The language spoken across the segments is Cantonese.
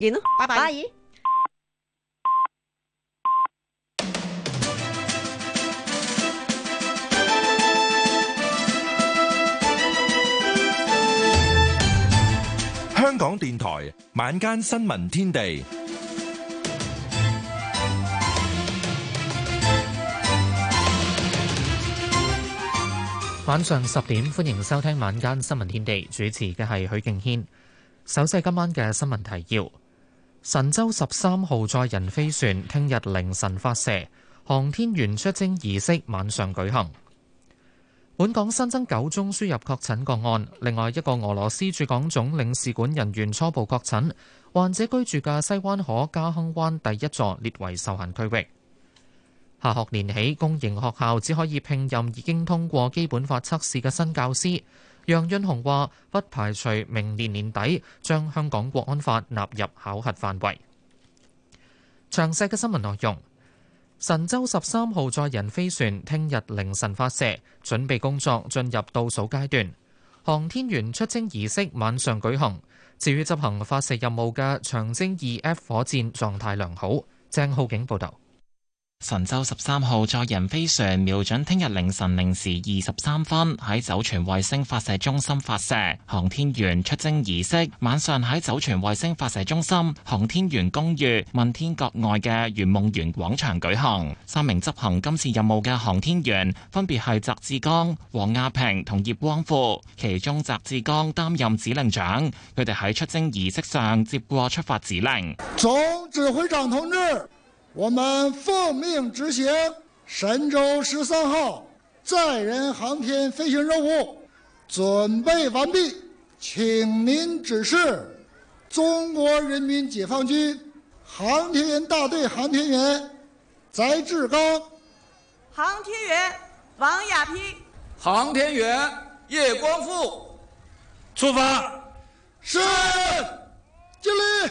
見咯，拜拜。香港電台晚間新聞天地。晚上十點，歡迎收聽晚間新聞天地，主持嘅係許敬軒。首先係今晚嘅新聞提要。神舟十三號載人飛船聽日凌晨發射，航天員出征儀式晚上舉行。本港新增九宗輸入確診個案，另外一個俄羅斯駐港總領事館人員初步確診，患者居住嘅西灣河嘉亨灣第一座列為受限區域。下學年起，公營學校只可以聘任已經通過基本法測試嘅新教師。楊潤雄話：不排除明年年底將香港國安法納入考核範圍。詳細嘅新聞內容，神舟十三號載人飛船聽日凌晨發射，準備工作進入倒數階段。航天員出征儀式晚上舉行。至於執行發射任務嘅長征二 F 火箭，狀態良好。鄭浩景報道。神舟十三號載人飛船瞄準聽日凌晨零時二十三分喺酒泉衛星發射中心發射，航天員出征儀式晚上喺酒泉衛星發射中心航天員公寓問天閣外嘅圓夢園廣場舉行。三名執行今次任務嘅航天員分別係翟志剛、王亞平同葉光富，其中翟志剛擔任指令長。佢哋喺出征儀式上接過出發指令。總指揮長同志。我們奉命執行神舟十三號載人航天飛行任務，準備完畢，請您指示。中國人民解放軍航天員大隊航天員翟志剛、航天員王亞平、航天員葉光富，出發！是，敬禮。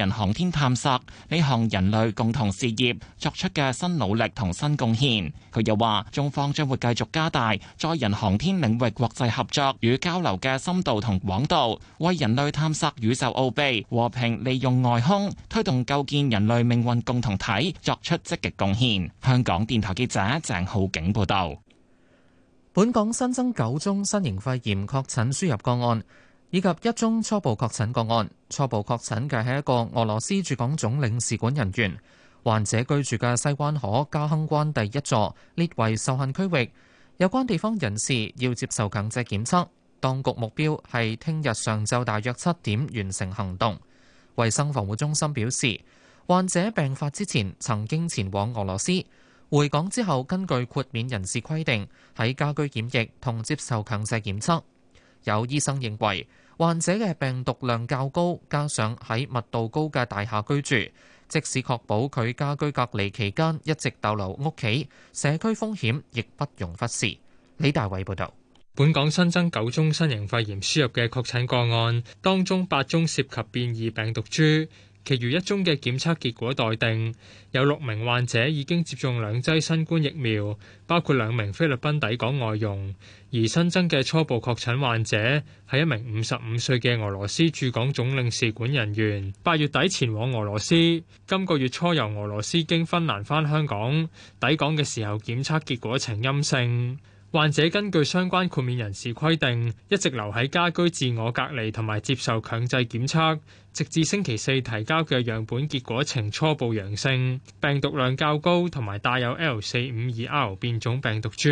人航天探索呢項人類共同事業作出嘅新努力同新貢獻，佢又話：中方將會繼續加大載人航天領域國際合作與交流嘅深度同廣度，為人類探索宇宙奧秘、和平利用外空、推動構建人類命運共同體作出積極貢獻。香港電台記者鄭浩景報道。本港新增九宗新型肺炎確診輸入個案。以及一宗初步確診個案，初步確診嘅係一個俄羅斯駐港總領事館人員。患者居住嘅西灣河嘉亨關第一座列為受限區域，有關地方人士要接受強制檢測。當局目標係聽日上晝大約七點完成行動，衛生防護中心表示，患者病發之前曾經前往俄羅斯，回港之後根據豁免人士規定喺家居檢疫同接受強制檢測，有醫生認為，患者嘅病毒量較高，加上喺密度高嘅大廈居住，即使確保佢家居隔離期間一直逗留屋企，社區風險亦不容忽視。李大偉報導，本港新增九宗新型肺炎輸入嘅確診個案，當中八宗涉及變異病毒株。其餘一宗嘅檢測結果待定，有六名患者已經接種兩劑新冠疫苗，包括兩名菲律賓抵港外傭。而新增嘅初步確診患者係一名五十五歲嘅俄羅斯駐港總領事館人員，八月底前往俄羅斯，今個月初由俄羅斯經芬蘭返香港抵港嘅時候，檢測結果呈陰性。患者根據相關豁免人士規定，一直留喺家居自我隔離同埋接受強制檢測。直至星期四提交嘅樣本結果呈初步陽性，病毒量較高，同埋帶有 L 四五二 R 變種病毒株。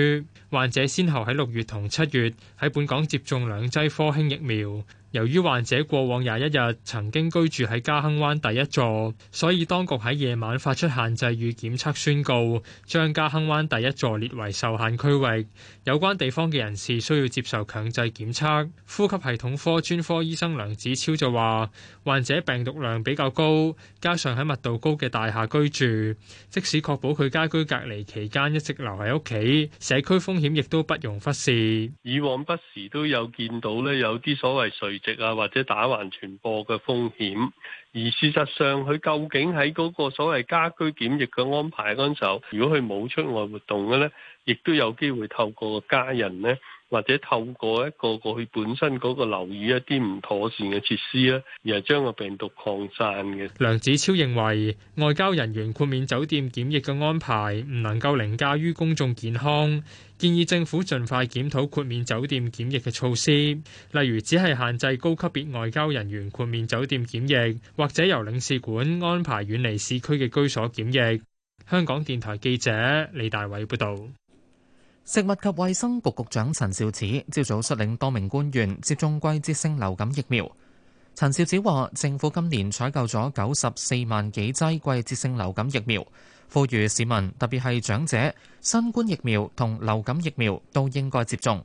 患者先後喺六月同七月喺本港接種兩劑科興疫苗。由於患者過往廿一日曾經居住喺嘉亨灣第一座，所以當局喺夜晚發出限制與檢測宣告，將嘉亨灣第一座列為受限區域。有關地方嘅人士需要接受強制檢測。呼吸系統科專科醫生梁子超就話。患者病毒量比較高，加上喺密度高嘅大廈居住，即使確保佢家居隔離期間一直留喺屋企，社區風險亦都不容忽視。以往不時都有見到咧，有啲所謂垂直啊或者打橫傳播嘅風險，而事實上佢究竟喺嗰個所謂家居檢疫嘅安排嗰陣時候，如果佢冇出外活動嘅咧，亦都有機會透過個家人咧。或者透過一個過去本身嗰個留意一啲唔妥善嘅設施啦，而係將個病毒擴散嘅。梁子超認為，外交人員豁免酒店檢疫嘅安排唔能夠凌駕於公眾健康，建議政府盡快檢討豁免酒店檢疫嘅措施，例如只係限制高級別外交人員豁免酒店檢疫，或者由領事館安排遠離市區嘅居所檢疫。香港電台記者李大偉報導。食物及衛生局局長陳肇始朝早率領多名官員接種季節性流感疫苗。陳肇始話：政府今年採購咗九十四萬幾劑季節，季節性流感疫苗，呼籲市民特別係長者、新冠疫苗同流感疫苗都應該接種。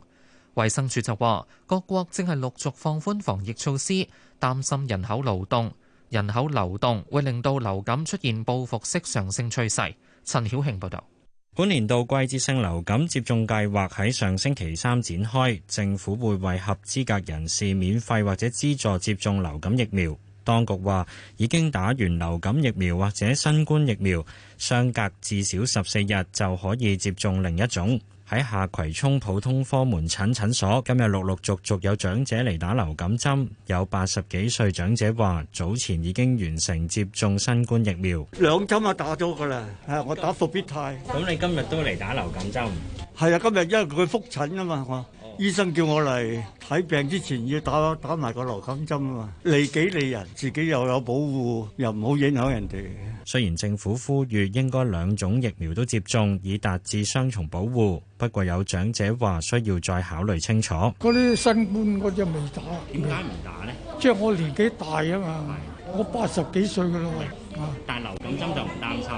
衛生署就話：各國正係陸續放寬防疫措施，擔心人口流動，人口流動會令到流感出現報復式上升趨勢。陳曉慶報道。本年度季節性流感接種計劃喺上星期三展開，政府會為合資格人士免費或者資助接種流感疫苗。當局話，已經打完流感疫苗或者新冠疫苗，相隔至少十四日就可以接種另一種。喺下葵涌普通科門診診所，今日陸陸續續有長者嚟打流感針。有八十幾歲長者話，早前已經完成接種新冠疫苗，兩針啊打咗噶啦。係我打復必泰，咁你今日都嚟打流感針？係啊，今日因為佢覆診啊嘛。醫生叫我嚟睇病之前要打打埋個流感針啊嘛，利己利人，自己又有保護，又唔好影響人哋。雖然政府呼籲應該兩種疫苗都接種，以達至雙重保護，不過有長者話需要再考慮清楚。嗰啲新冠嗰隻未打，點解唔打呢？即係我年紀大啊嘛，我八十幾歲㗎喇，喂！但流感針就唔擔心，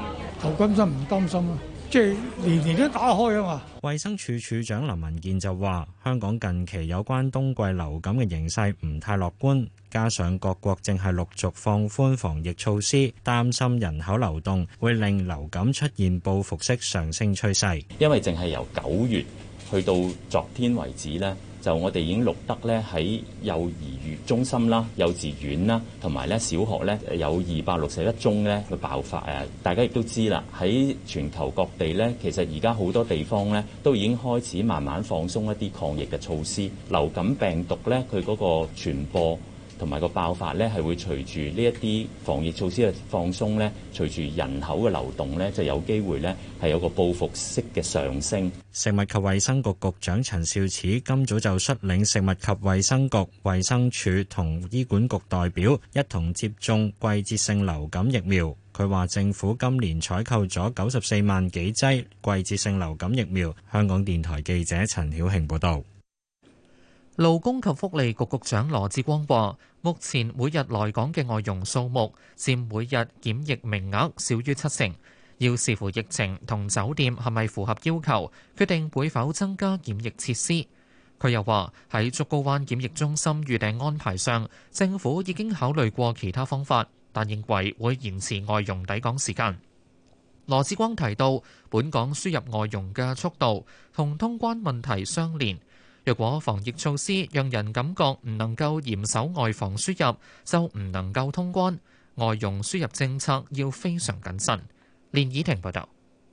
流感針唔擔心啊。即係年年都打開啊嘛！衛生署署長林文健就話：香港近期有關冬季流感嘅形勢唔太樂觀，加上各國正係陸續放寬防疫措施，擔心人口流動會令流感出現報復式上升趨勢，因為淨係由九月。去到昨天為止呢就我哋已經錄得呢喺幼兒園中心啦、幼稚園啦，同埋呢小學呢有二百六十一宗呢嘅爆發誒。大家亦都知啦，喺全球各地呢，其實而家好多地方呢，都已經開始慢慢放鬆一啲抗疫嘅措施。流感病毒呢，佢嗰個傳播。同埋個爆發呢，係會隨住呢一啲防疫措施嘅放鬆呢，隨住人口嘅流動呢，就有機會呢，係有個報復式嘅上升。食物及衛生局局長陳肇始今早就率領食物及衛生局、衛生署同醫管局代表一同接種季節性流感疫苗。佢話：政府今年採購咗九十四萬幾劑季節性流感疫苗。香港電台記者陳曉慶報道。勞工及福利局局長羅志光話，目前每日來港嘅外傭數目佔每日檢疫名額少於七成，要視乎疫情同酒店係咪符合要求，決定會否增加檢疫設施。佢又話喺竹篙灣檢疫中心預訂安排上，政府已經考慮過其他方法，但認為會延遲外傭抵港時間。羅志光提到，本港輸入外傭嘅速度同通關問題相連。若果防疫措施讓人感覺唔能夠嚴守外防輸入，就唔能夠通關。外傭輸入政策要非常謹慎。連怡婷報道。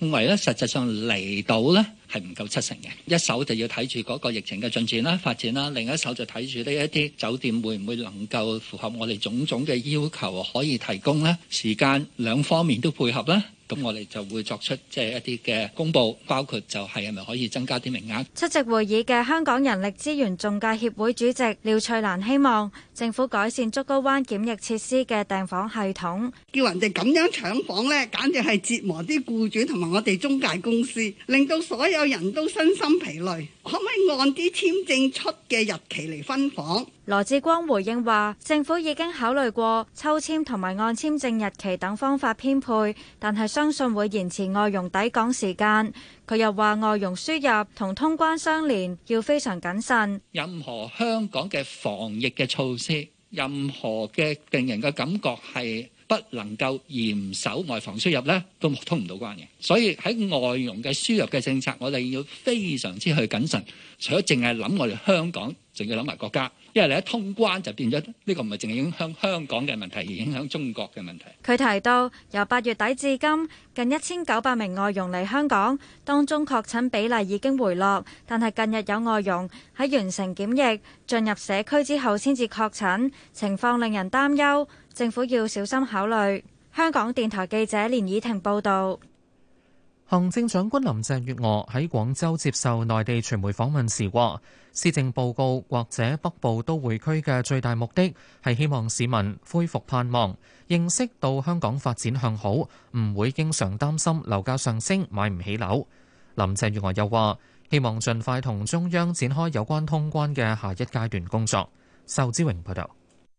認為咧，實際上嚟到呢係唔夠七成嘅。一手就要睇住嗰個疫情嘅進展啦、發展啦，另一手就睇住呢一啲酒店會唔會能夠符合我哋種種嘅要求，可以提供咧時間兩方面都配合啦。咁我哋就會作出即係一啲嘅公佈，包括就係係咪可以增加啲名額。出席會議嘅香港人力資源仲介協會主席廖翠蘭希望政府改善竹篙灣檢疫設施嘅訂房系統，叫人哋咁樣搶房呢，簡直係折磨啲僱主同埋。我哋中介公司令到所有人都身心疲累，可唔可以按啲簽證出嘅日期嚟分房？羅志光回應話：政府已經考慮過抽籤同埋按簽證日期等方法編配，但係相信會延遲外傭抵港時間。佢又話外傭輸入同通關相連，要非常謹慎。任何香港嘅防疫嘅措施，任何嘅病人嘅感覺係不能夠嚴守外防輸入呢，都通唔到關嘅。所以喺外傭嘅輸入嘅政策，我哋要非常之去謹慎。除咗淨係諗我哋香港，仲要諗埋國家，因為你一通關就變咗呢個唔係淨係影響香港嘅問題，而影響中國嘅問題。佢提到由八月底至今近一千九百名外傭嚟香港，當中確診比例已經回落，但係近日有外傭喺完成檢疫進入社區之後先至確診，情況令人擔憂。政府要小心考慮。香港電台記者連倚婷報道，行政長官林鄭月娥喺廣州接受內地傳媒訪問時話，施政報告或者北部都會區嘅最大目的係希望市民恢復盼望，認識到香港發展向好，唔會經常擔心樓價上升買唔起樓。林鄭月娥又話，希望盡快同中央展開有關通關嘅下一階段工作。仇志榮報道。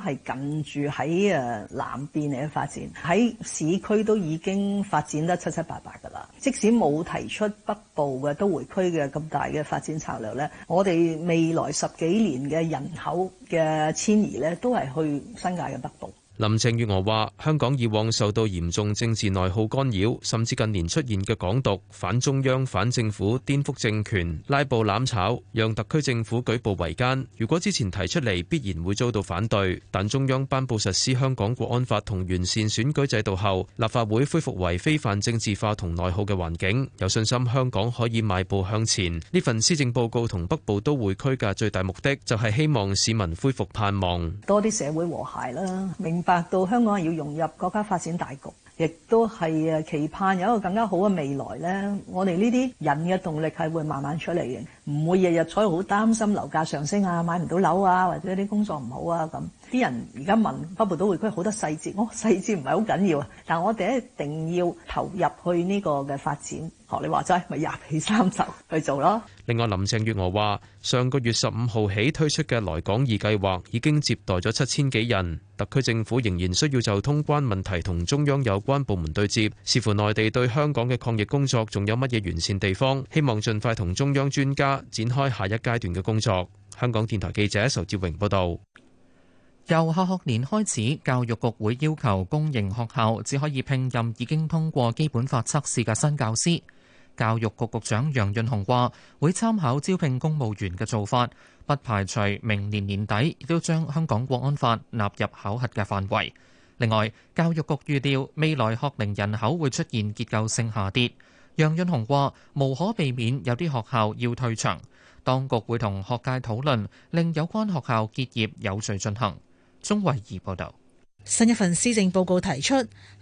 係近住喺誒南邊嚟發展，喺市區都已經發展得七七八八噶啦。即使冇提出北部嘅都會區嘅咁大嘅發展策略，咧，我哋未來十幾年嘅人口嘅遷移咧，都係去新界嘅北部。林鄭月娥話，香港以往受到嚴重政治內耗干擾，甚至近年出現嘅港獨、反中央、反政府、顛覆政權、拉布攬炒，讓特區政府舉步維艱。如果之前提出嚟，必然會遭到反對，但中央頒佈實施香港國安法同完善選舉制度後，立法會恢復為非泛政治化同內耗嘅環境，有信心香港可以邁步向前。呢份施政報告同北部都會區嘅最大目的，就係、是、希望市民恢復盼望，多啲社會和諧啦。明白。達到香港要融入國家發展大局，亦都係誒，期盼有一個更加好嘅未來咧，我哋呢啲人嘅動力係會慢慢出嚟嘅，唔會日日彩好擔心樓價上升啊，買唔到樓啊，或者啲工作唔好啊咁。啲人而家問北部都會區好多細節，哦，細節唔係好緊要啊，但我哋一定要投入去呢個嘅發展。學你話齋，咪廿起衫袖去做咯。另外，林鄭月娥話：上個月十五號起推出嘅來港易計劃已經接待咗七千幾人，特區政府仍然需要就通關問題同中央有關部門對接，視乎內地對香港嘅抗疫工作仲有乜嘢完善地方，希望盡快同中央專家展開下一階段嘅工作。香港電台記者仇志榮報道。由下學年開始，教育局會要求公營學校只可以聘任已經通過基本法測試嘅新教師。教育局局長楊潤雄話：會參考招聘公務員嘅做法，不排除明年年底亦都將香港國安法納入考核嘅範圍。另外，教育局預料未來學齡人口會出現結構性下跌。楊潤雄話：無可避免有啲學校要退場，當局會同學界討論，令有關學校結業有序進行。鍾慧儀報道，新一份施政報告提出，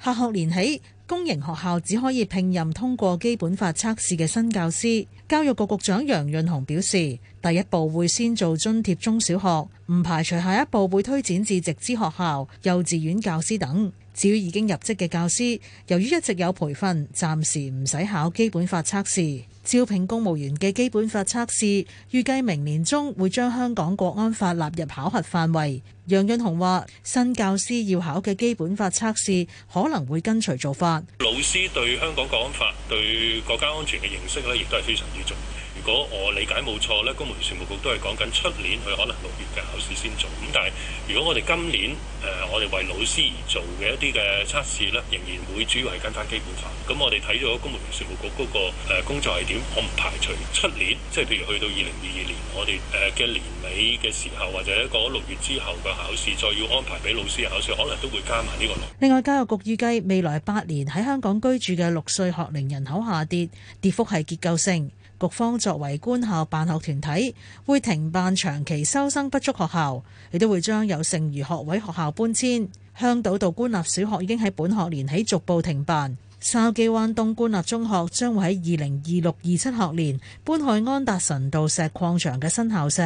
下學年起公營學校只可以聘任通過基本法測試嘅新教師。教育局局長楊潤雄表示，第一步會先做津貼中小學，唔排除下一步會推展至直資學校、幼稚園教師等。至於已經入職嘅教師，由於一直有培訓，暫時唔使考基本法測試。招聘公務員嘅基本法測試，預計明年中會將香港國安法納入考核範圍。楊潤雄話：新教師要考嘅基本法測試可能會跟隨做法。老師對香港國安法對國家安全嘅認識咧，亦都係非常之重。如果我理解冇錯咧，公務員事務局都係講緊出年佢可能六月嘅考試先做咁。但係如果我哋今年誒、呃，我哋為老師而做嘅一啲嘅測試咧，仍然會主要係跟翻基本法。咁我哋睇咗公務員事務局嗰個誒工作係點，我唔排除出年即係譬如去到二零二二年，我哋誒嘅年尾嘅時候或者過咗六月之後嘅考試再要安排俾老師嘅考試可能都會加埋呢個。另外，教育局預計未來八年喺香港居住嘅六歲學齡人口下跌，跌幅係結構性。局方作為官校辦學團體，會停辦長期收生不足學校，亦都會將有剩餘學位學校搬遷。香島道官立小學已經喺本學年起逐步停辦，筲箕灣東官立中學將會喺二零二六二七學年搬去安達臣道石礦場嘅新校舍。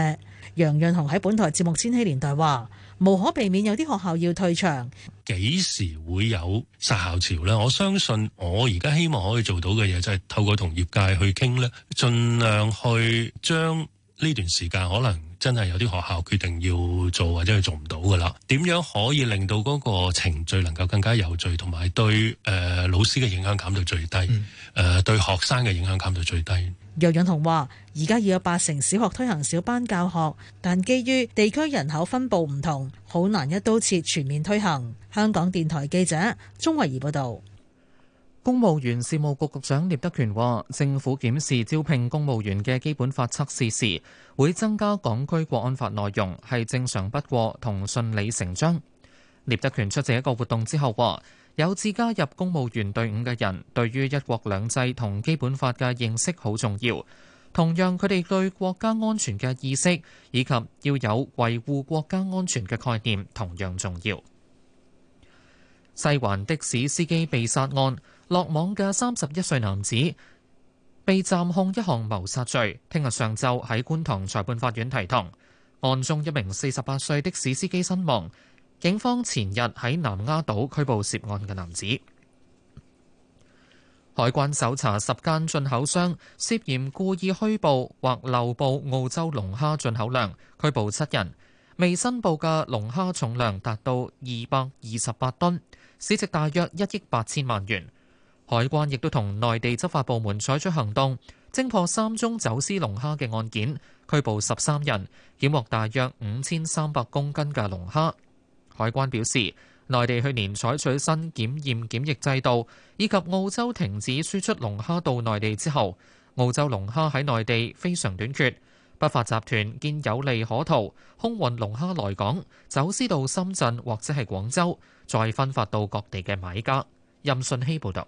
楊潤雄喺本台節目《千禧年代》話，無可避免有啲學校要退場，幾時會有殺校潮咧？我相信我而家希望可以做到嘅嘢就係、是、透過同業界去傾咧，盡量去將呢段時間可能真係有啲學校決定要做或者佢做唔到噶啦，點樣可以令到嗰個程序能夠更加有序，同埋對誒、呃、老師嘅影響減到最低，誒、嗯呃、對學生嘅影響減到最低。楊潤雄話，而家已有八成小學推行小班教學，但基於地區人口分布唔同，好難一刀切全面推行。香港電台記者鍾慧儀報道。公務員事務局局長聶德權話，政府檢視招聘公務員嘅基本法測試時，會增加港區國安法內容，係正常不過同順理成章。聶德權出席一個活動之後話。有志加入公務員隊伍嘅人，對於一國兩制同基本法嘅認識好重要。同樣，佢哋對國家安全嘅意識以及要有維護國家安全嘅概念，同樣重要。西環的士司機被殺案落網嘅三十一歲男子，被暫控一項謀殺罪。聽日上晝喺觀塘裁判法院提堂。案中一名四十八歲的士司機身亡。警方前日喺南丫島拘捕涉案嘅男子。海關搜查十間進口商，涉嫌故意虛報或漏報澳洲龍蝦進口量，拘捕七人。未申報嘅龍蝦重量達到二百二十八噸，市值大約一億八千萬元。海關亦都同內地執法部門採取行動，偵破三宗走私龍蝦嘅案件，拘捕十三人，檢獲大約五千三百公斤嘅龍蝦。海關表示，內地去年採取新檢驗檢疫制度，以及澳洲停止輸出龍蝦到內地之後，澳洲龍蝦喺內地非常短缺。不法集團見有利可圖，空運龍蝦來港，走私到深圳或者係廣州，再分發到各地嘅買家。任信希報導。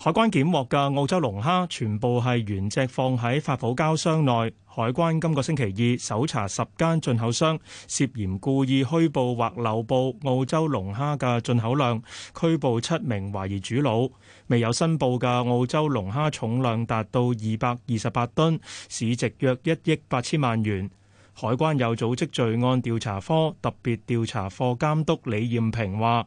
海關檢獲嘅澳洲龍蝦全部係原隻放喺發泡膠箱內。海關今個星期二搜查十間進口商，涉嫌故意虛報或漏報澳洲龍蝦嘅進口量，拘捕七名懷疑主腦。未有申報嘅澳洲龍蝦重量達到二百二十八噸，市值約一億八千萬元。海關有組織罪案調查科特別調查課監督李艷平話。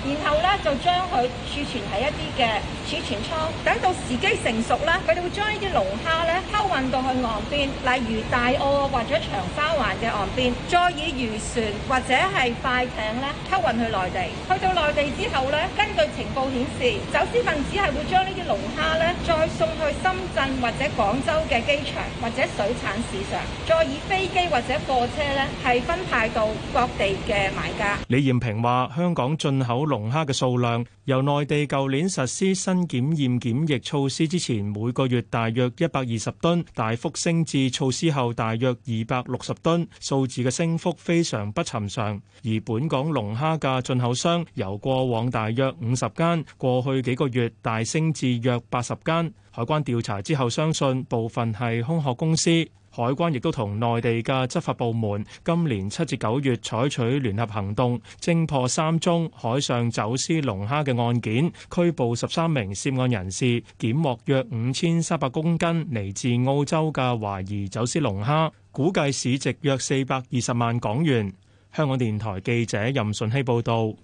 然後咧就將佢儲存喺一啲嘅儲存倉，等到時機成熟咧，佢哋會將呢啲龍蝦咧偷運到去岸邊，例如大澳或者長沙灣嘅岸邊，再以漁船或者係快艇咧偷運去內地。去到內地之後咧，根據情報顯示，走私分子係會將呢啲龍蝦咧再送去深圳或者廣州嘅機場或者水產市場，再以飛機或者貨車咧係分派到各地嘅買家。李豔平話：香港進口龍蝦嘅數量由內地舊年實施新檢驗檢疫措施之前每個月大約一百二十噸，大幅升至措施後大約二百六十噸，數字嘅升幅非常不尋常。而本港龍蝦嘅進口商由過往大約五十間，過去幾個月大升至約八十間。海關調查之後，相信部分係空殼公司。海關亦都同內地嘅執法部門今年七至九月採取聯合行動，偵破三宗海上走私龍蝦嘅案件，拘捕十三名涉案人士，檢獲約五千三百公斤嚟自澳洲嘅懷疑走私龍蝦，估計市值約四百二十萬港元。香港電台記者任順希報導。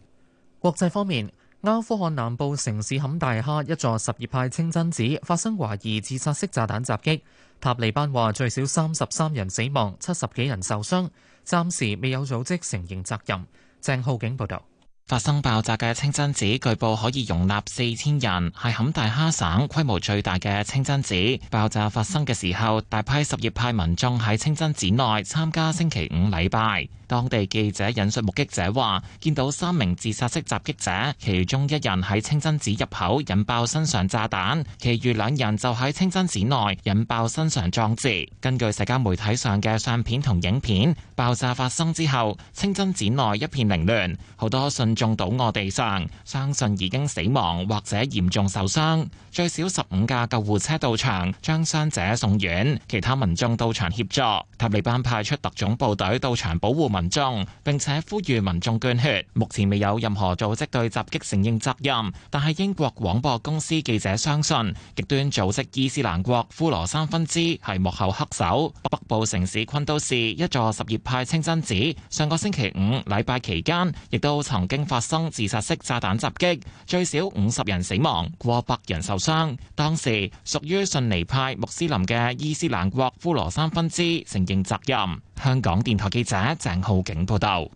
國際方面，阿富汗南部城市坎大哈一座什葉派清真寺發生懷疑自殺式炸彈襲擊。塔利班話最少三十三人死亡，七十幾人受傷，暫時未有組織承認責任。鄭浩景報道。發生爆炸嘅清真寺據報可以容納四千人，係坎大哈省規模最大嘅清真寺。爆炸發生嘅時候，大批什葉派民眾喺清真寺內參加星期五禮拜。當地記者引述目擊者話，見到三名自殺式襲擊者，其中一人喺清真寺入口引爆身上炸彈，其餘兩人就喺清真寺內引爆身上裝置。根據社交媒體上嘅相片同影片，爆炸發生之後，清真寺內一片凌亂，好多信。中倒卧地上，相信已經死亡或者嚴重受傷。最少十五架救護車到場，將傷者送院。其他民眾到場協助。塔利班派出特種部隊到場保護民眾，並且呼籲民眾捐血。目前未有任何組織對襲擊承認責任，但係英國廣播公司記者相信，極端組織伊斯蘭國呼羅珊分支係幕後黑手。北部城市昆都士一座什葉派清真寺，上個星期五禮拜期間，亦都曾經，發生自殺式炸彈襲擊，最少五十人死亡，過百人受傷。當時屬於遜尼派穆斯林嘅伊斯蘭國呼羅珊分支承認責任。香港電台記者鄭浩景報道。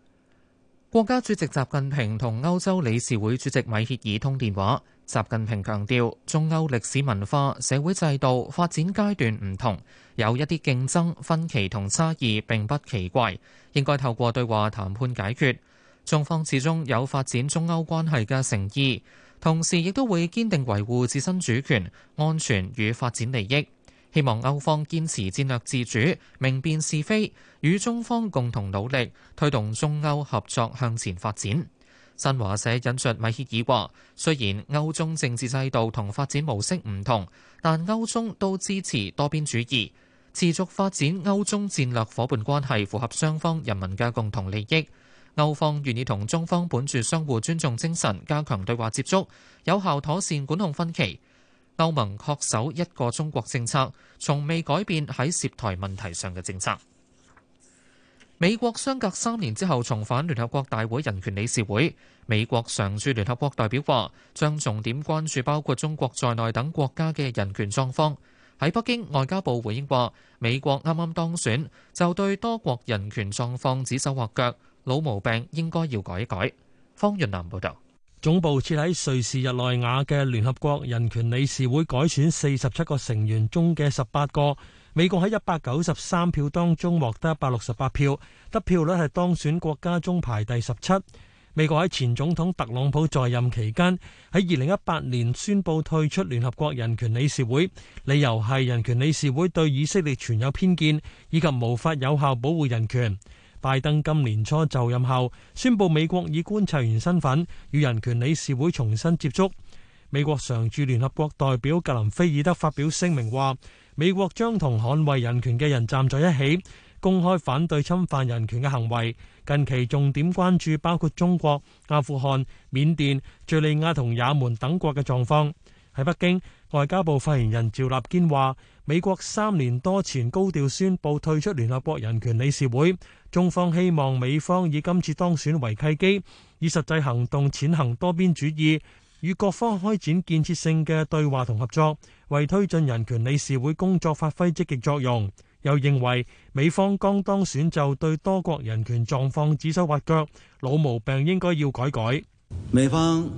國家主席習近平同歐洲理事會主席米歇爾通電話，習近平強調，中歐歷史、文化、社會制度、發展階段唔同，有一啲競爭、分歧同差異，並不奇怪，應該透過對話談判解決。中方始終有發展中歐關係嘅誠意，同時亦都會堅定維護自身主權、安全與發展利益。希望歐方堅持戰略自主、明辨是非，與中方共同努力推動中歐合作向前發展。新華社引述米歇爾話：雖然歐中政治制度同發展模式唔同，但歐中都支持多邊主義，持續發展歐中戰略伙伴關係，符合雙方人民嘅共同利益。歐方願意同中方本住相互尊重精神加強對話接觸，有效妥善管控分歧。歐盟恪守一個中國政策，從未改變喺涉台問題上嘅政策。美國相隔三年之後重返聯合國大會人權理事會，美國常駐聯合國代表話將重點關注包括中國在內等國家嘅人權狀況。喺北京外交部回應話，美國啱啱當選就對多國人權狀況指手畫腳。老毛病應該要改一改。方潤南報道，總部設喺瑞士日內瓦嘅聯合國人權理事會改選四十七個成員中嘅十八個，美國喺一百九十三票當中獲得一百六十八票，得票率係當選國家中排第十七。美國喺前總統特朗普在任期間，喺二零一八年宣布退出聯合國人權理事會，理由係人權理事會對以色列存有偏見以及無法有效保護人權。拜登今年初就任後宣布美國以觀察員身份與人權理事會重新接觸，美國常駐聯合國代表格林菲爾德發表聲明話美國將同捍衛人權嘅人站在一起，公開反對侵犯人權嘅行為，近期重點關注包括中國、阿富汗、緬甸、敘利亞同也門等國嘅狀況，喺北京，外交部發言人趙立堅話。美國三年多前高調宣布退出聯合國人權理事會，中方希望美方以今次當選為契機，以實際行動踐行多邊主義，與各方開展建設性嘅對話同合作，為推進人權理事會工作發揮積極作用。又認為美方剛當選就對多國人權狀況指手畫腳，老毛病應該要改改。美方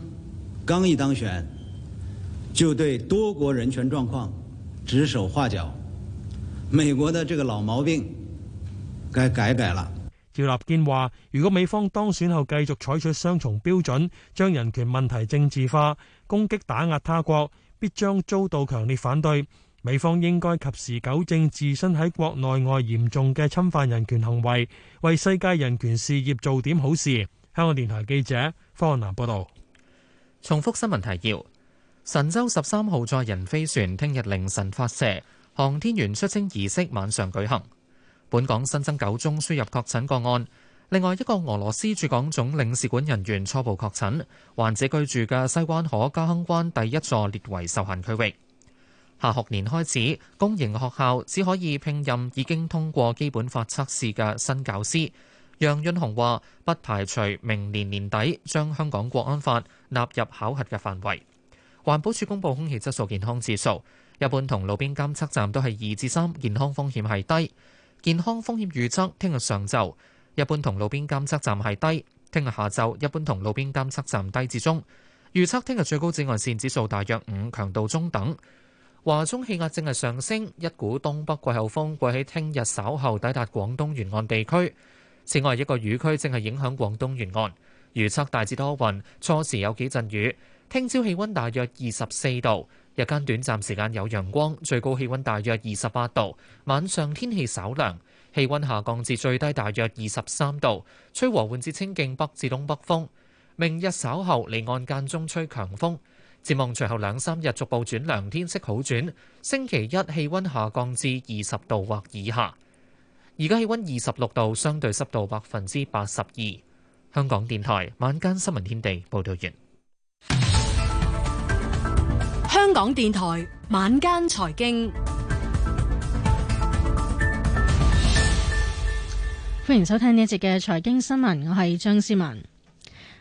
剛一當選，就對多國人權狀況指手畫腳，美國的這個老毛病，該改，改改啦。趙立堅話，如果美方當選後繼續採取雙重標準，將人權問題政治化，攻擊打壓他國，必將遭到強烈反對。美方應該及時糾正自身喺國內外嚴重嘅侵犯人權行為，為世界人權事業做點好事。香港電台記者方南報道。重複新聞提要。神舟十三號載人飛船聽日凌晨發射，航天員出征儀式晚上舉行。本港新增九宗輸入確診個案，另外一個俄羅斯駐港總領事館人員初步確診，患者居住嘅西灣河嘉亨灣第一座列為受限區域。下學年開始，公營學校只可以聘任已經通過基本法測試嘅新教師。楊潤雄話，不排除明年年年底將香港國安法納入考核嘅範圍。環保署公布空氣質素健康指數，一般同路邊監測站都係二至三，健康風險係低。健康風險預測，聽日上晝一般同路邊監測站係低，聽日下晝一般同路邊監測站低至中。預測聽日最高紫外線指數大約五，強度中等。華中氣壓正係上升，一股東北季候風會喺聽日稍後抵達廣東沿岸地區。此外，一個雨區正係影響廣東沿岸，預測大致多雲，初時有幾陣雨。聽朝氣温大約二十四度，日間短暫時間有陽光，最高氣温大約二十八度。晚上天氣稍涼，氣温下降至最低大約二十三度，吹和緩至清勁北至東北風。明日稍後，離岸間中吹強風。展望隨後兩三日逐步轉涼，天色好轉。星期一氣温下降至二十度或以下。而家氣温二十六度，相對濕度百分之八十二。香港電台晚間新聞天地報道完。香港電台晚間財經，歡迎收聽呢一節嘅財經新聞，我係張思文。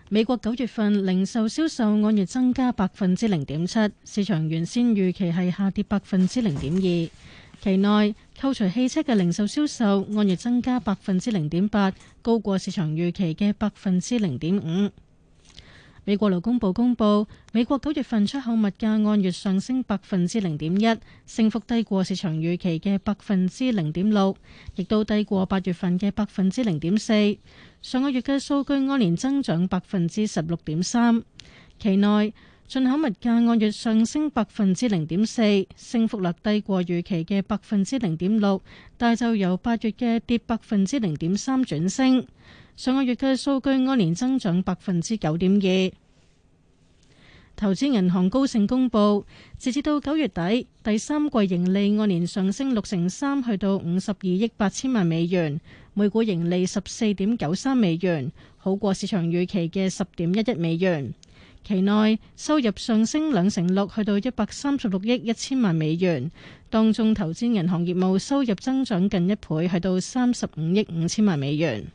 美國九月份零售銷售按月增加百分之零點七，市場原先預期係下跌百分之零點二。期內扣除汽車嘅零售銷售按月增加百分之零點八，高過市場預期嘅百分之零點五。美國勞工部公布，美國九月份出口物價按月上升百分之零點一，升幅低過市場預期嘅百分之零點六，亦都低過八月份嘅百分之零點四。上個月嘅數據按年增長百分之十六點三，期內。進口物價按月上升百分之零點四，升幅略低過預期嘅百分之零點六。大就由八月嘅跌百分之零點三轉升。上個月嘅數據按年增長百分之九點二。投資銀行高盛公布，截至到九月底，第三季盈利按年上升六成三，去到五十二億八千萬美元，每股盈利十四點九三美元，好過市場預期嘅十點一一美元。期內收入上升兩成六，去到一百三十六億一千萬美元。當中投資銀行業務收入增長近一倍，去到三十五億五千萬美元。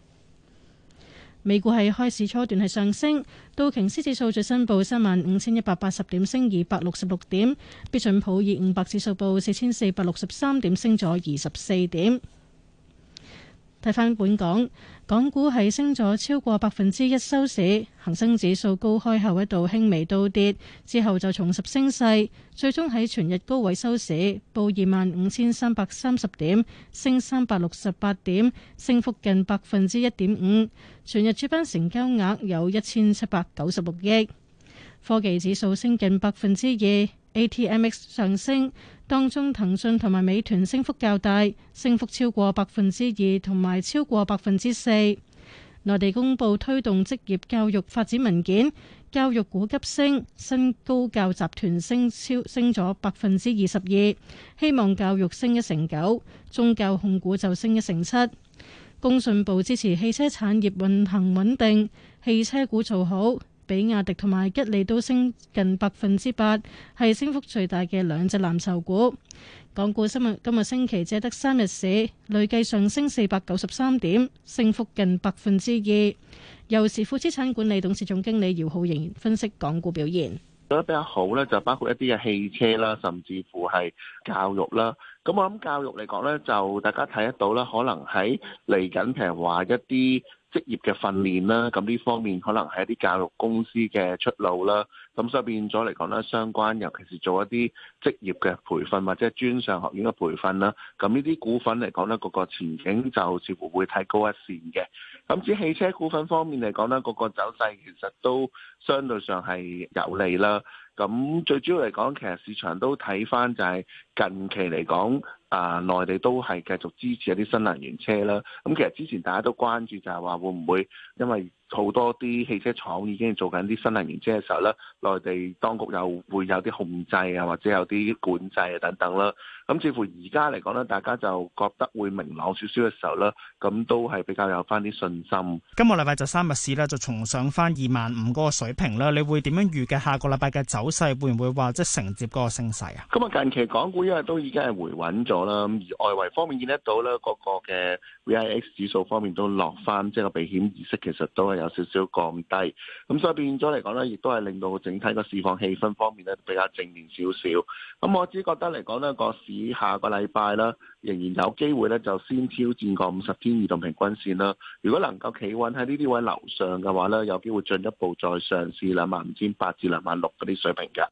美股係開市初段係上升，道瓊斯指數最新報三萬五千一百八十點，升二百六十六點。標準普爾五百指數報四千四百六十三點，升咗二十四點。睇翻本港，港股係升咗超過百分之一收市，恒生指數高開後一度輕微倒跌，之後就重拾升勢，最終喺全日高位收市，報二萬五千三百三十點，升三百六十八點，升幅近百分之一點五。全日主板成交額有一千七百九十六億，科技指數升近百分之二，ATMX 上升。當中騰訊同埋美團升幅較大，升幅超過百分之二同埋超過百分之四。內地公布推動職業教育發展文件，教育股急升，新高教集團升超升咗百分之二十二，希望教育升一成九，中教控股就升一成七。工信部支持汽車產業運行穩定，汽車股做好。比亞迪同埋吉利都升近百分之八，係升幅最大嘅兩隻藍籌股。港股今日今日星期只得三日市，累計上升四百九十三點，升幅近百分之二。由時富資產管理董事總經理姚浩盈分析港股表現，做得比較好呢，就包括一啲嘅汽車啦，甚至乎係教育啦。咁我諗教育嚟講呢，就大家睇得到啦，可能喺嚟緊譬如話一啲。職業嘅訓練啦，咁呢方面可能係一啲教育公司嘅出路啦，咁所以變咗嚟講咧，相關尤其是做一啲職業嘅培訓或者專上學院嘅培訓啦，咁呢啲股份嚟講咧，個個前景就似乎會睇高一線嘅。咁至於汽車股份方面嚟講咧，個個走勢其實都相對上係有利啦。咁最主要嚟講，其實市場都睇返就係近期嚟講，啊、呃、內地都係繼續支持一啲新能源車啦。咁、嗯、其實之前大家都關注就係話會唔會因為好多啲汽車廠已經做緊啲新能源車嘅時候咧，內地當局又會有啲控制啊，或者有啲管制啊等等啦。咁似乎而家嚟講咧，大家就覺得會明朗少少嘅時候呢，咁都係比較有翻啲信心。今個禮拜就三日市咧，就重上翻二萬五嗰個水平咧。你會點樣預計下個禮拜嘅走勢？會唔會話即係承接嗰個升勢啊？咁啊，近期港股因為都已經係回穩咗啦，咁而外圍方面見得到呢嗰個嘅 VIX 指數方面都落翻，即係個避險意識其實都係有少少降低。咁所以變咗嚟講呢亦都係令到整體個市況氣氛方面呢比較正面少少。咁我自己覺得嚟講呢個以下個禮拜啦，仍然有機會呢，就先挑戰個五十天移動平均線啦。如果能夠企穩喺呢啲位樓上嘅話呢，有機會進一步再上市兩萬五千八至兩萬六嗰啲水平嘅。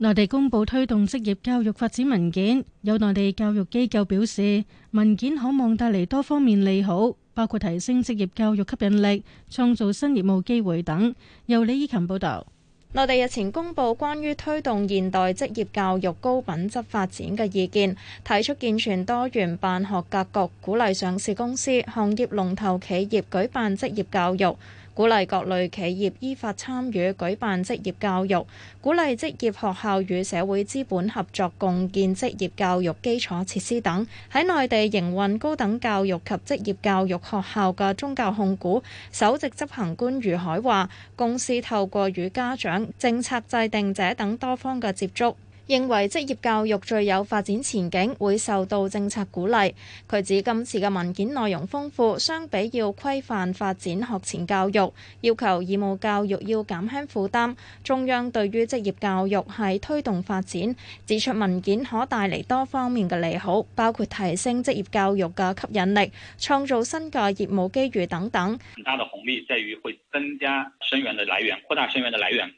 內地公布推動職業教育發展文件，有內地教育機構表示，文件可望帶嚟多方面利好，包括提升職業教育吸引力、創造新業務機會等。由李依琴報道。內地日前公布關於推動現代職業教育高品質發展嘅意見，提出健全多元辦學格局，鼓勵上市公司、行業龍頭企業舉辦職業教育。鼓勵各類企業依法參與舉辦職業教育，鼓勵職業學校與社會資本合作共建職業教育基礎設施等。喺內地營運高等教育及職業教育學校嘅宗教控股首席執行官余海華話：公司透過與家長、政策制定者等多方嘅接觸。認為職業教育最有發展前景，會受到政策鼓勵。佢指今次嘅文件內容豐富，相比要規範發展學前教育，要求義務教育要減輕負擔。中央對於職業教育係推動發展，指出文件可帶嚟多方面嘅利好，包括提升職業教育嘅吸引力、創造新嘅業務機遇等等。更大嘅紅利在於會增加生源嘅來源，擴大生源嘅來源。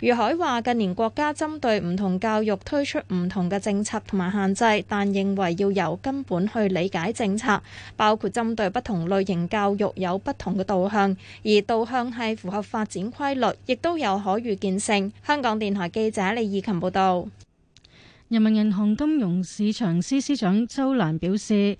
余海話：近年國家針對唔同教育推出唔同嘅政策同埋限制，但認為要有根本去理解政策，包括針對不同類型教育有不同嘅導向，而導向係符合發展規律，亦都有可預見性。香港電台記者李義琴報道。人民銀行金融市場司司長周蘭表示，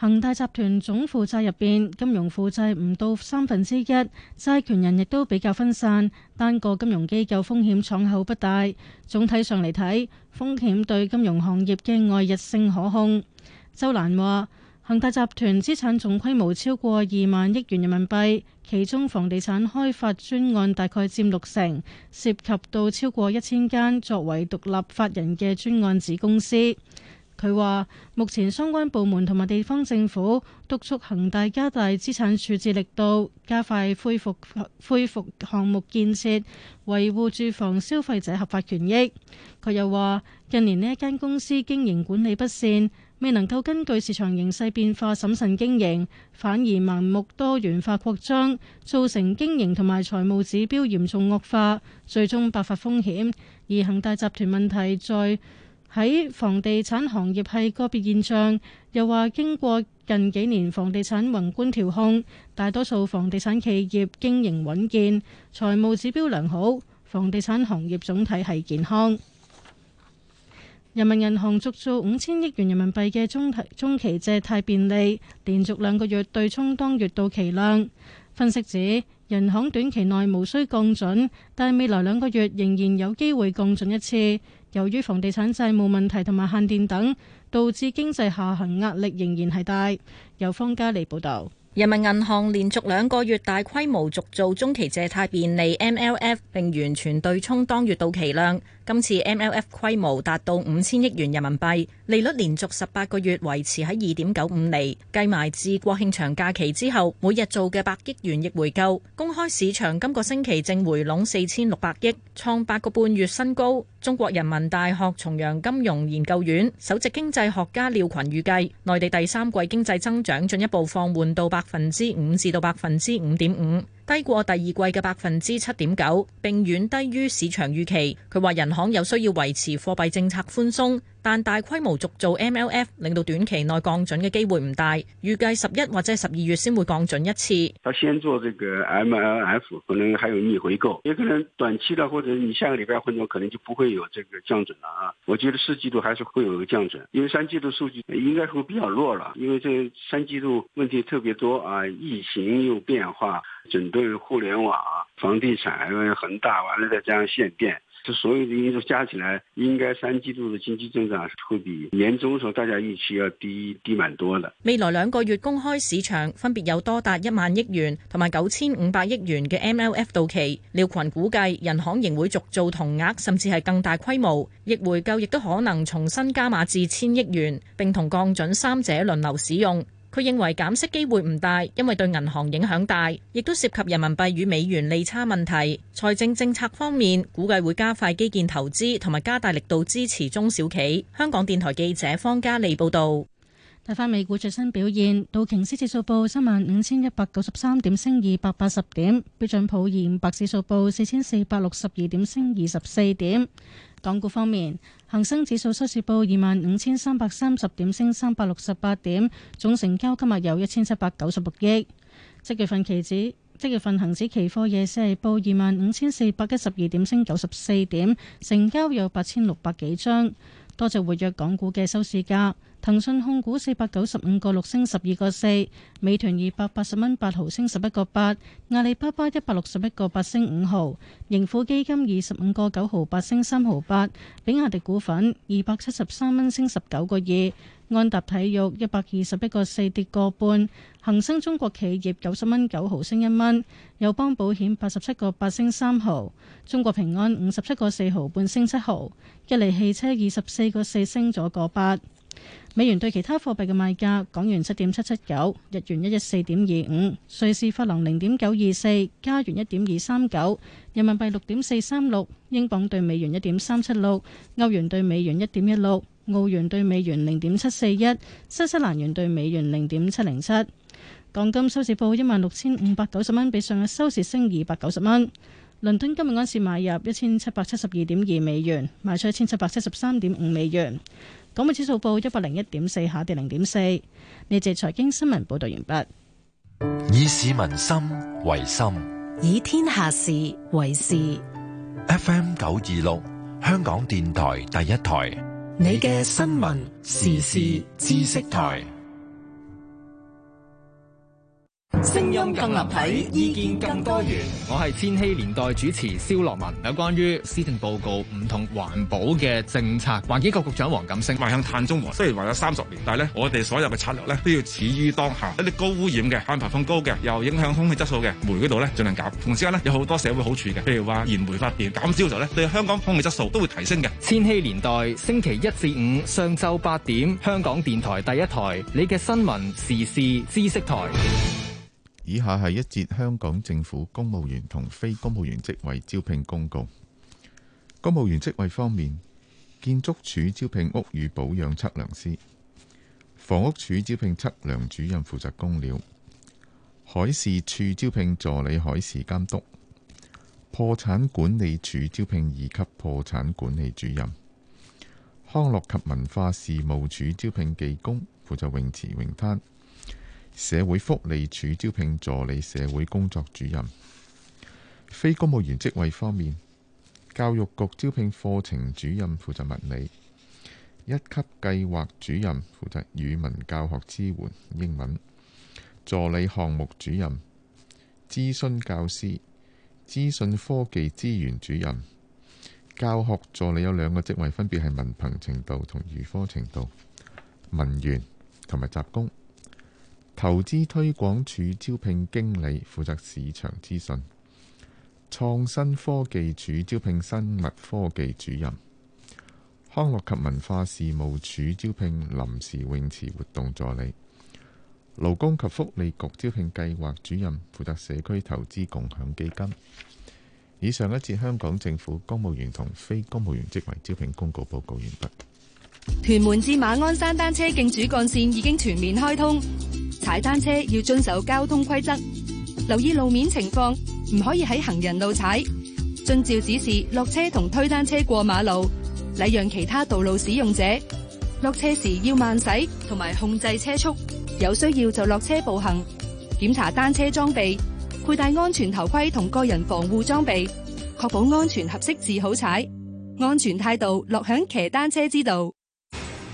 恒大集團總負債入邊，金融負債唔到三分之一，債權人亦都比較分散，單個金融機構風險敞口不大。總體上嚟睇，風險對金融行業嘅外溢性可控。周蘭話：恒大集團資產總規模超過二萬億元人民幣，其中房地產開發專案大概佔六成，涉及到超過一千間作為獨立法人嘅專案子公司。佢話：目前相關部門同埋地方政府督促恒大加大資產處置力度，加快恢復恢復項目建設，維護住房消費者合法權益。佢又話：近年呢間公司經營管理不善，未能夠根據市場形勢變化審慎經營，反而盲目多元化擴張，造成經營同埋財務指標嚴重惡化，最終爆發風險。而恒大集團問題在喺房地產行業係個別現象，又話經過近幾年房地產宏觀調控，大多數房地產企業經營穩健，財務指標良好，房地產行業總體係健康。人民銀行續做五千億元人民幣嘅中中期借貸便利，連續兩個月對沖當月到期量。分析指，人行短期內無需降準，但未來兩個月仍然有機會降準一次。由於房地產債務問題同埋限電等，導致經濟下行壓力仍然係大。有方家利報道，人民銀行連續兩個月大規模續做中期借貸便利 （MLF），並完全對沖當月到期量。今次 MLF 規模達到五千億元人民幣，利率連續十八個月維持喺二點九五厘。計埋至國慶長假期之後，每日做嘅百億元逆回購。公開市場今個星期正回籠四千六百億，創八個半月新高。中國人民大學重陽金融研究院首席經濟學家廖群預計，內地第三季經濟增長進一步放緩到百分之五至到百分之五點五。低過第二季嘅百分之七點九，並遠低於市場預期。佢話人行有需要維持貨幣政策寬鬆。但大規模續做 MLF 令到短期內降準嘅機會唔大，預計十一或者十二月先會降準一次。他先做這個 MLF，可能還有逆回購，也可能短期的或者你下個禮拜或者可能就不會有這個降準了啊！我覺得四季度還是會有個降準，因為三季度數據應該會比較弱了，因為這三季度問題特別多啊，疫情又變化，整頓互聯網、房地產，因為恒大完了再加上限電。這所有的因素加起來，應該三季度的經濟增長會比年中時候大家預期要低低蠻多的。未來兩個月公開市場分別有多達一萬億元同埋九千五百億元嘅 MLF 到期，廖群估計人行仍會續做同額，甚至係更大規模，逆回購亦都可能重新加碼至千億元，並同降準三者輪流使用。佢認為減息機會唔大，因為對銀行影響大，亦都涉及人民幣與美元利差問題。財政政策方面，估計會加快基建投資，同埋加大力度支持中小企。香港電台記者方嘉利報導。睇返美股最新表現，道瓊斯指數報三萬五千一百九十三點，升二百八十點；標準普爾五百指數報四千四百六十二點，升二十四點。港股方面，恒生指數收市報二萬五千三百三十點，升三百六十八點，總成交金額有一千七百九十六億。即月份期指，即月份恒指期貨夜市係報二萬五千四百一十二點，升九十四點，成交有八千六百幾張，多謝活躍港股嘅收市價。騰訊控股四百九十五個六升十二個四，美團二百八十蚊八毫升十一個八，阿里巴巴一百六十一個八升五毫，盈富基金二十五個九毫八升三毫八，比亞迪股份二百七十三蚊升十九個二，安踏體育一百二十一個四跌個半，恒生中國企業九十蚊九毫升一蚊，友邦保險八十七個八升三毫，中國平安五十七個四毫半升七毫，吉利汽車二十四個四升咗個八。美元兌其他貨幣嘅賣價：港元七點七七九，日元一一四點二五，瑞士法郎零點九二四，加元一點二三九，人民幣六點四三六，英鎊對美元一點三七六，歐元對美元一點一六，澳元對美元零點七四一，新西蘭元對美元零點七零七。港金收市報一萬六千五百九十蚊，比上日收市升二百九十蚊。倫敦今日安市買入一千七百七十二點二美元，賣出一千七百七十三點五美元。港幣指數報一百零一點四，下跌零點四。呢節財經新聞報道完畢。以市民心為心，以天下事為事。F M 九二六，香港電台第一台，你嘅新聞時事知識台。聲音更立體，意見更多元。我係千禧年代主持蕭樂文。有關於施政報告唔同環保嘅政策，環境局局長黃錦星，邁向碳中和，雖然話有三十年，但係咧我哋所有嘅策略咧都要始於當下。一啲高污染嘅、碳排放高嘅、又影響空氣質素嘅煤嗰度咧盡量減。同時間咧有好多社會好處嘅，譬如話燃煤發電減少嘅時候咧，對香港空氣質素都會提升嘅。千禧年代星期一至五上晝八點，香港電台第一台，你嘅新聞時事知識台。以下係一節香港政府公務員同非公務員職位招聘公告。公務員職位方面，建築署招聘屋宇保養測量師，房屋署招聘測量主任負責工料，海事處招聘助理海事監督，破產管理署招聘二級破產管理主任，康樂及文化事務署招聘技工負責泳池泳灘。社會福利署招聘助理社會工作主任，非公務員職位方面，教育局招聘課程主任負責物理，一級計劃主任負責語文教學支援英文，助理項目主任，諮詢教師，資訊科技資源主任，教學助理有兩個職位，分別係文憑程度同預科程度，文員同埋雜工。投資推廣署招聘經理，負責市場資訊；創新科技署招聘生物科技主任；康樂及文化事務署招聘臨時泳池活動助理；勞工及福利局招聘計劃主任，負責社區投資共享基金。以上一節香港政府公務員同非公務員職位招聘公告報告完畢。屯門至馬鞍山單車徑主幹線已經全面開通。踩單車要遵守交通規則，留意路面情況，唔可以喺行人路踩。遵照指示落車同推單車過馬路，禮讓其他道路使用者。落車時要慢駛同埋控制車速，有需要就落車步行。檢查單車裝備，佩戴安全頭盔同個人防護裝備，確保安全合適至好踩。安全態度，樂享騎單車之道。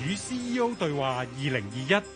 與 CEO 對話二零二一。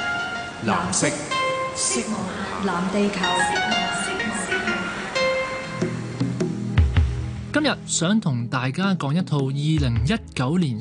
藍色，藍地球。今日想同大家講一套二零一九年。